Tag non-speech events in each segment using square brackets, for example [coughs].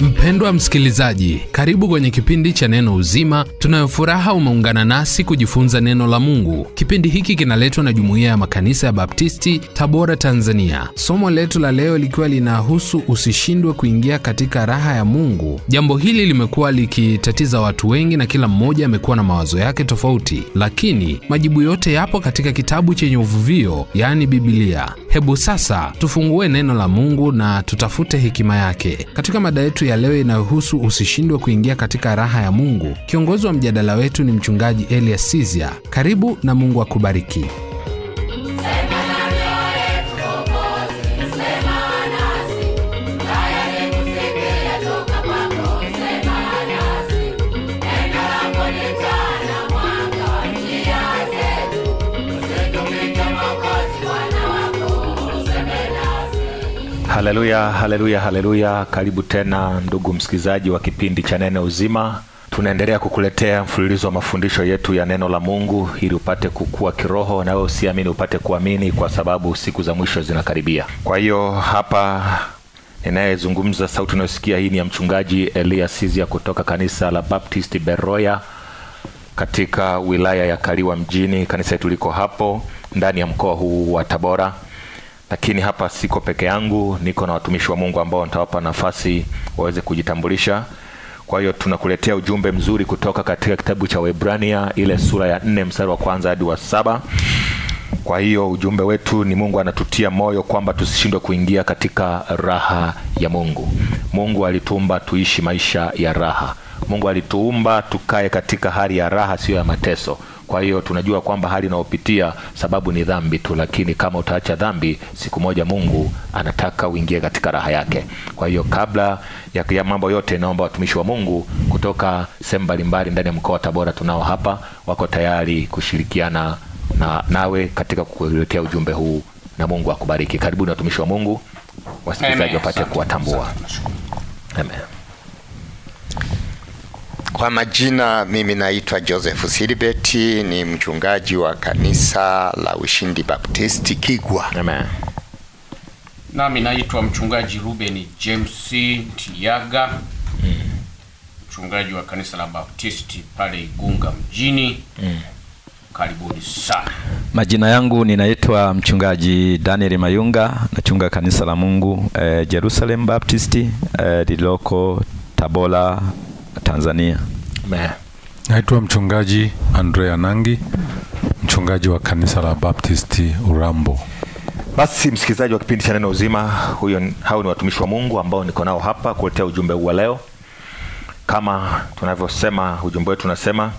Mpendwa msikilizaji, karibu kwenye kipindi cha Neno Uzima. Tunayofuraha umeungana nasi kujifunza neno la Mungu. Kipindi hiki kinaletwa na Jumuiya ya Makanisa ya Baptisti, Tabora, Tanzania. Somo letu la leo likiwa linahusu usishindwe kuingia katika raha ya Mungu. Jambo hili limekuwa likitatiza watu wengi na kila mmoja amekuwa na mawazo yake tofauti, lakini majibu yote yapo katika kitabu chenye uvuvio, yani bibilia Hebu sasa tufungue neno la Mungu na tutafute hekima yake katika mada yetu ya leo inayohusu usishindwe kuingia katika raha ya Mungu. Kiongozi wa mjadala wetu ni Mchungaji Elias Sizia. Karibu na Mungu akubariki. Haleluya, haleluya, haleluya! Karibu tena ndugu msikilizaji wa kipindi cha Neno Uzima. Tunaendelea kukuletea mfululizo wa mafundisho yetu ya neno la Mungu ili upate kukua kiroho, na wewe usiamini upate kuamini, kwa sababu siku za mwisho zinakaribia. Kwa hiyo hapa ninayezungumza, sauti unayosikia hii ni ya mchungaji Elia Sizia kutoka kanisa la Baptist Beroya katika wilaya ya Kaliwa mjini, kanisa yetu liko hapo ndani ya mkoa huu wa Tabora lakini hapa siko peke yangu, niko na watumishi wa Mungu ambao nitawapa nafasi waweze kujitambulisha. Kwa hiyo tunakuletea ujumbe mzuri kutoka katika kitabu cha Waebrania ile sura ya nne mstari wa kwanza hadi wa saba. Kwa hiyo ujumbe wetu ni Mungu anatutia moyo kwamba tusishindwe kuingia katika raha ya Mungu. Mungu alituumba tuishi maisha ya raha. Mungu alituumba tukae katika hali ya raha, siyo ya mateso. Kwa hiyo tunajua kwamba hali inayopitia sababu ni dhambi tu, lakini kama utaacha dhambi, siku moja Mungu anataka uingie katika raha yake. Kwa hiyo kabla ya, ya mambo yote, naomba watumishi wa Mungu kutoka sehemu mbalimbali ndani ya mkoa wa Tabora tunao hapa, wako tayari kushirikiana na nawe katika kukuletea ujumbe huu, na Mungu akubariki. Karibuni watumishi wa Mungu, wasikilizaji wapate kuwatambua. Amen. Kwa majina mimi naitwa Joseph Silibeti, ni mchungaji wa kanisa la Ushindi Baptisti Kigwa. Amen. Nami naitwa mchungaji Ruben James Tiaga mm. mchungaji wa kanisa la Baptisti pale Igunga mjini mm. Karibuni sana. Majina yangu ninaitwa mchungaji Daniel Mayunga, nachunga kanisa la Mungu eh, Jerusalem Baptisti eh, liloko Tabora Tanzania. Naitwa mchungaji Andrea Nangi, mchungaji wa kanisa la Baptisti Urambo. Basi msikilizaji wa kipindi cha neno uzima, huyo hao ni watumishi wa Mungu ambao niko nao hapa kuletea ujumbe huu wa leo. Kama tunavyosema, ujumbe wetu unasema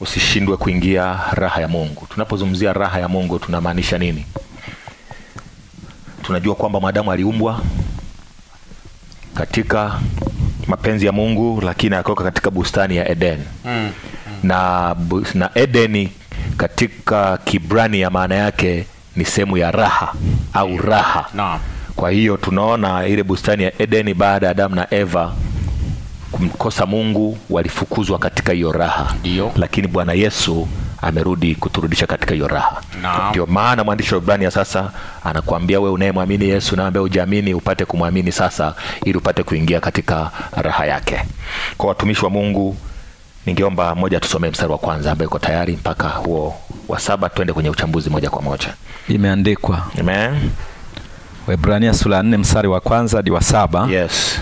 usishindwe kuingia raha ya Mungu. Tunapozungumzia raha ya Mungu tunamaanisha nini? Tunajua kwamba mwanadamu aliumbwa katika mapenzi ya Mungu, lakini akaweka katika bustani ya Eden mm. Mm. Na, na Edeni katika Kibrani ya maana yake ni sehemu ya raha au raha no. Kwa hiyo tunaona ile bustani ya Edeni baada ya Adamu na Eva kumkosa Mungu walifukuzwa katika hiyo raha. Dio. Lakini Bwana Yesu amerudi kuturudisha katika hiyo raha. Ndio maana mwandishi wa Ibrania sasa anakuambia we unayemwamini Yesu na ambaye hujamini upate kumwamini sasa, ili upate kuingia katika raha yake. Kwa watumishi wa Mungu, ningeomba moja tusomee mstari wa kwanza ambaye uko tayari mpaka huo wa saba, twende kwenye uchambuzi moja kwa moja. Imeandikwa, amen. Waebrania sura ya 4 mstari wa kwanza hadi wa saba. Yes.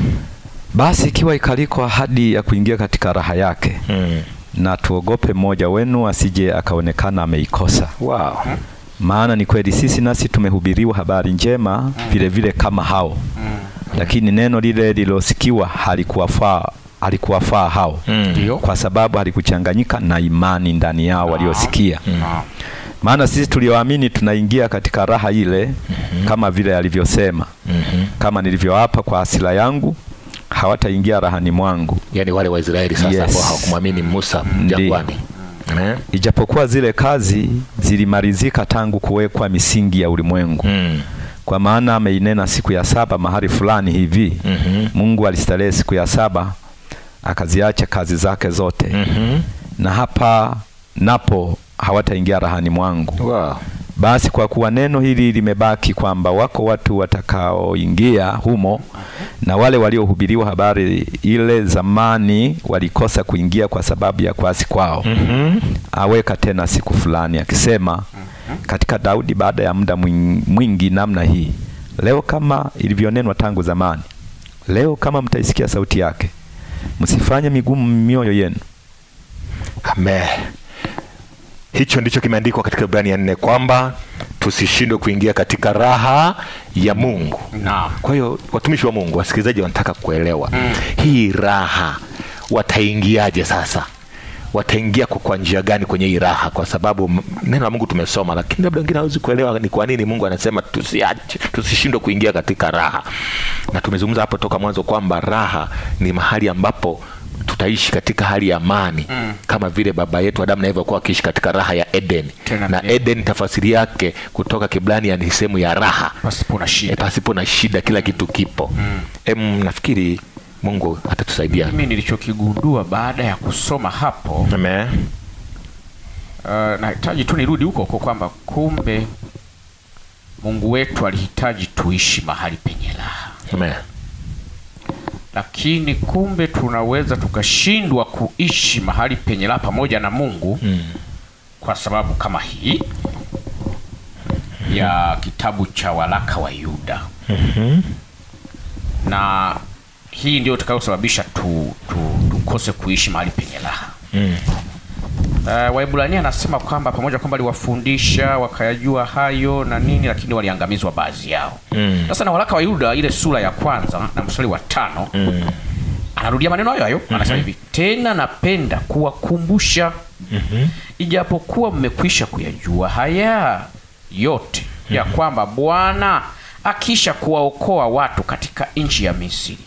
Basi ikiwa ikaliko ahadi ya kuingia katika raha yake hmm na tuogope mmoja wenu asije akaonekana ameikosa. Wow. Maana ni kweli sisi nasi tumehubiriwa habari njema vile vile kama hao lakini neno lile lilosikiwa halikuwafaa halikuwafaa hao mm. kwa sababu halikuchanganyika na imani ndani yao no. Ah. waliosikia mm. Ah. maana sisi tulioamini tunaingia katika raha ile mm -hmm. kama vile alivyosema mm -hmm. kama nilivyoapa kwa asila yangu hawataingia rahani mwangu. Yani wale Waisraeli sasa yes, ambao hawakumwamini Musa jangwani. Eh? Ijapokuwa zile kazi zilimalizika tangu kuwekwa misingi ya ulimwengu mm. Kwa maana ameinena siku ya saba mahali fulani hivi mm -hmm. Mungu alistarehe siku ya saba akaziacha kazi zake zote mm -hmm. Na hapa napo hawataingia rahani mwangu wow. Basi kwa kuwa neno hili limebaki kwamba wako watu watakaoingia humo, na wale waliohubiriwa habari ile zamani walikosa kuingia kwa sababu ya kwasi kwao. mm -hmm. Aweka tena siku fulani akisema mm-hmm. katika Daudi, baada ya muda mwingi namna hii, leo kama ilivyonenwa tangu zamani, leo kama mtaisikia sauti yake, msifanye migumu mioyo yenu. Amen. Hicho ndicho kimeandikwa katika Ibrania nne kwamba tusishindwe kuingia katika raha ya Mungu Kwa hiyo watumishi wa Mungu, wasikilizaji wanataka kuelewa mm. hii raha wataingiaje sasa wataingia kwa njia gani kwenye hii raha? Kwa sababu neno la Mungu tumesoma, lakini labda wengine hawezi kuelewa ni kwa nini Mungu anasema tusiache, tusishindwe kuingia katika raha. Na tumezungumza hapo toka mwanzo kwamba raha ni mahali ambapo tutaishi katika hali ya amani mm. kama vile baba yetu Adamu na Eva walikuwa wakiishi katika raha ya Edeni Tena, na Eden tafasiri yake kutoka Kibrania ni sehemu ya raha pasipo na shida, e, pasipo na shida kila kitu kipo mm. Em, nafikiri Mungu atatusaidia. Mimi nilichokigundua baada ya kusoma hapo Amen. Uh, nahitaji tu nirudi huko kwa kwamba kumbe Mungu wetu alihitaji tuishi mahali penye raha Amen lakini kumbe tunaweza tukashindwa kuishi mahali penye raha pamoja na Mungu mm. kwa sababu kama hii ya kitabu cha waraka wa Yuda mm -hmm. na hii ndio itakayosababisha tu, tu, tukose kuishi mahali penye raha mm. Uh, Waebrania anasema kwamba pamoja kwamba aliwafundisha wakayajua hayo na nini, lakini waliangamizwa baadhi yao. Mm. Sasa mm. na waraka wa Yuda ile sura ya kwanza na mstari wa tano mm. anarudia maneno hayo hayo mm -hmm. anasema mm-hmm. hivi, tena napenda kuwakumbusha mm -hmm. ijapokuwa mmekwisha kuyajua haya yote mm -hmm. ya mm-hmm. kwamba Bwana akisha kuwaokoa watu katika nchi ya Misri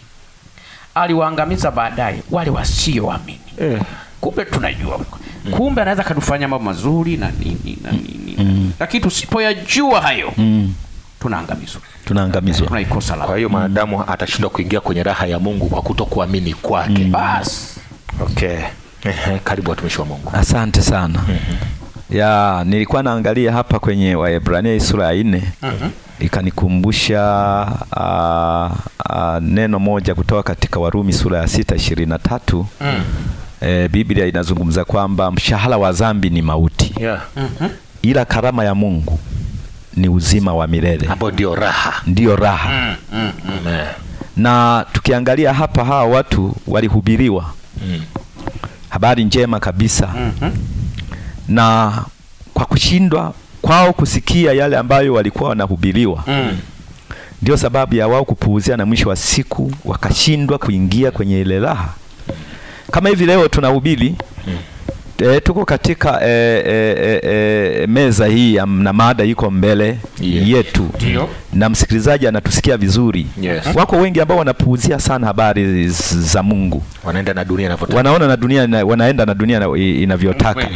aliwaangamiza baadaye wale wasioamini wa eh. Kumbe tunajua mm. kumbe anaweza katufanya mambo mazuri na nini na mm. nini mm. lakini tusipoyajua hayo mm. tunaangamizwa tunaangamizwa eh, tunaikosa la kwa hiyo maadamu atashindwa kuingia kwenye raha ya Mungu kwa kutokuamini kwake mm. basi okay karibu watumishi wa Mungu asante sana mm-hmm. ya nilikuwa naangalia hapa kwenye Waebrania sura ya 4 mm-hmm ikanikumbusha uh, uh, neno moja kutoka katika Warumi sura ya 6:23 mm e, Biblia inazungumza kwamba mshahara wa dhambi ni mauti yeah. mm -hmm. ila karama ya Mungu ni uzima wa milele. Hapo ndio raha, ndio raha mm, -hmm. Na tukiangalia hapa, hawa watu walihubiriwa mm. habari njema kabisa mm -hmm. na kwa kushindwa kwao kusikia yale ambayo walikuwa wanahubiriwa mm. ndio sababu ya wao kupuuzia, na mwisho wa siku wakashindwa kuingia kwenye ile raha kama hivi leo tunahubiri mm. E, tuko katika e, e, e, meza hii na mada iko mbele yeah. yetu Dio. na msikilizaji anatusikia vizuri yes. Wako wengi ambao wanapuuzia sana habari za Mungu, wanaenda na dunia inavyotaka, wanaona na dunia, wanaenda na dunia inavyotaka,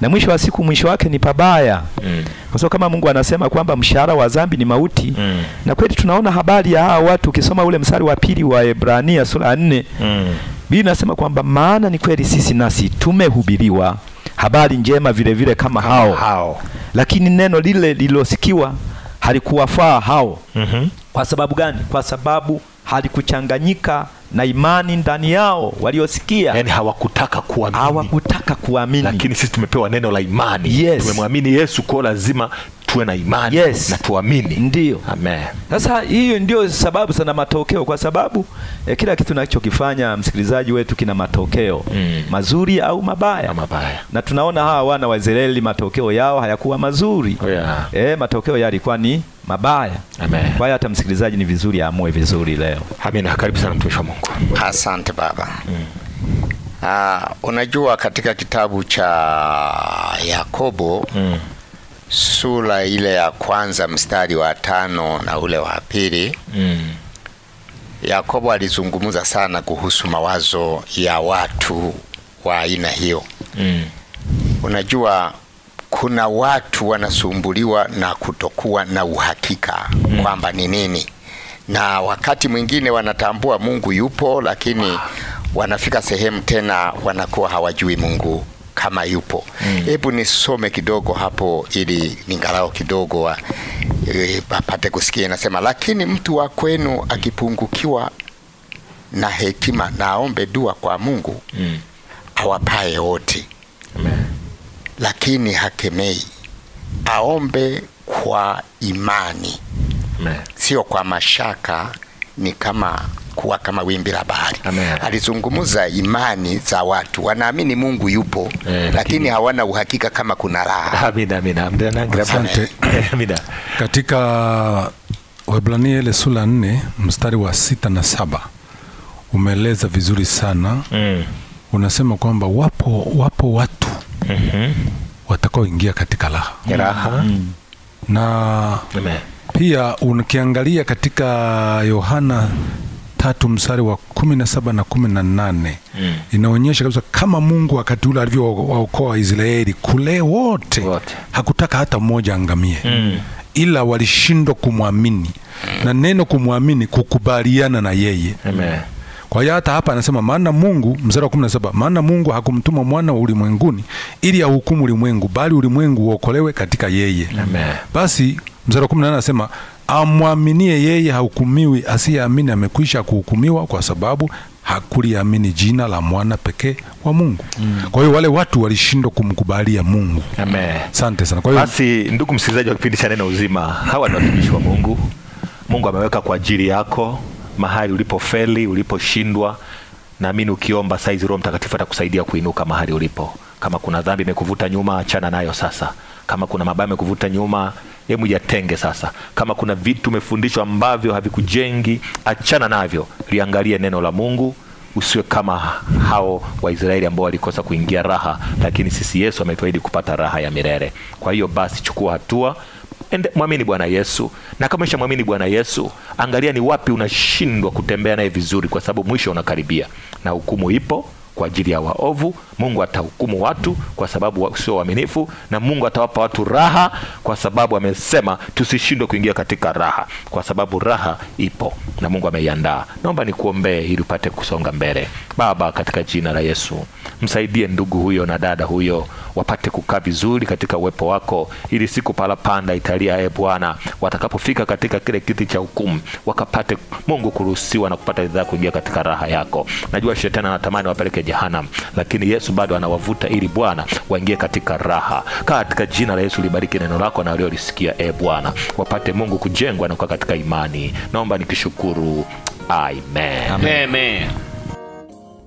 na mwisho wa siku, mwisho wake ni pabaya mm. Kwa sababu kama Mungu anasema kwamba mshahara wa dhambi ni mauti mm. na kweli tunaona habari ya hawa watu, ukisoma ule mstari wa pili wa Ebrania sura ya nne mm. Biblia inasema kwamba maana ni kweli sisi nasi tumehubiriwa habari njema vile vile kama hao, hao. Lakini neno lile lililosikiwa halikuwafaa hao. mm -hmm. Kwa sababu gani? Kwa sababu halikuchanganyika na imani ndani yao waliosikia, yani hawakutaka kuamini, hawakutaka kuamini. Lakini sisi tumepewa neno la imani, yes. Tumemwamini Yesu, kwa lazima tuwe na imani yes, na tuamini. Ndio, amen. Sasa hiyo ndio sababu sana matokeo, kwa sababu eh, kila kitu tunachokifanya msikilizaji wetu kina matokeo mm, mazuri au mabaya. Na mabaya na tunaona hawa wana wa Israeli matokeo yao hayakuwa mazuri oh, yeah. Eh, matokeo yalikuwa ni mabaya. Amen. Kwa hiyo hata msikilizaji ni vizuri aamue vizuri leo. Amina. Karibu sana mtumishi wa Mungu. Asante baba. Mm. Ah, unajua katika kitabu cha Yakobo mm sura ile ya kwanza mstari wa tano na ule wa pili mm. Yakobo alizungumza sana kuhusu mawazo ya watu wa aina hiyo mm. Unajua, kuna watu wanasumbuliwa na kutokuwa na uhakika mm. kwamba ni nini, na wakati mwingine wanatambua Mungu yupo, lakini wanafika sehemu tena wanakuwa hawajui Mungu kama yupo. Mm. Hebu mm. nisome kidogo hapo ili ningalao kidogo e, apate e, kusikia. Inasema, lakini mtu wa kwenu akipungukiwa na hekima, na aombe dua kwa Mungu mm. awapaye wote, lakini hakemei, aombe kwa imani Amen. Sio kwa mashaka, ni kama kuwa kama wimbi la bahari. Alizungumza imani za watu, wanaamini Mungu yupo eh, lakini hawana uhakika kama kuna raha. Amina, amina, Asante. [coughs] Amina. Katika Waebrania ile sura nne mstari wa sita na saba umeeleza vizuri sana mm. Unasema kwamba wapo, wapo watu mm -hmm. watakaoingia katika raha mm. na Amen. Pia ukiangalia katika Yohana tatu msari wa kumi na saba na kumi na nane mm. Inaonyesha kabisa kama Mungu wakati ule alivyowaokoa Israeli kule wote, wote, hakutaka hata mmoja angamie mm. ila walishindwa kumwamini mm. na neno kumwamini kukubaliana na yeye Amen. Kwa hiyo hata hapa anasema maana Mungu, mstari wa saba, maana Mungu hakumtuma mwana wa ulimwenguni ili ahukumu ulimwengu, bali ulimwengu uokolewe katika yeye Amen. Basi mstari wa 18 anasema amwaminie yeye hahukumiwi, asiyeamini amekwisha kuhukumiwa kwa sababu hakuliamini jina la mwana pekee wa Mungu. Mm. Kwa hiyo wale watu walishindwa kumkubalia Mungu. Amen. Asante sana. Kwa hiyo basi, ndugu msikilizaji wa kipindi cha Neno Uzima, hawa ni watumishi wa Mungu. Mungu ameweka kwa ajili yako mahali ulipofeli, uliposhindwa. Naamini ukiomba saizi Roho Mtakatifu atakusaidia kuinuka mahali ulipo. Kama kuna dhambi imekuvuta nyuma, achana nayo sasa. Kama kuna mabaya imekuvuta nyuma, hebu yatenge sasa. Kama kuna vitu umefundishwa ambavyo havikujengi, achana navyo, liangalie neno la Mungu. Usiwe kama hao Waisraeli ambao walikosa kuingia raha, lakini sisi Yesu ametuahidi kupata raha ya milele. Kwa hiyo basi, chukua hatua, mwamini Bwana Yesu, na kama mwamini Bwana Yesu, angalia ni wapi unashindwa kutembea naye vizuri, kwa sababu mwisho unakaribia na hukumu ipo kwa ajili ya waovu. Mungu atahukumu watu kwa sababu sio waaminifu, na Mungu atawapa watu raha kwa sababu amesema tusishindwe kuingia katika raha, kwa sababu raha ipo na Mungu ameiandaa. Naomba nikuombee ili upate kusonga mbele. Baba, katika jina la Yesu msaidie ndugu huyo na dada huyo wapate kukaa vizuri katika uwepo wako, ili siku palapanda italia, e Bwana, watakapofika katika kile kiti cha hukumu wakapate Mungu kuruhusiwa na kupata ridhaa kuingia katika raha yako. Najua shetani anatamani wapeleke jehanamu, lakini Yesu bado anawavuta ili Bwana waingie katika raha. kaa Katika jina la Yesu libariki neno lako na waliolisikia, e Bwana, wapate Mungu kujengwa na kukaa katika imani. Naomba nikishukuru, amen, amen. amen.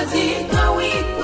azikawi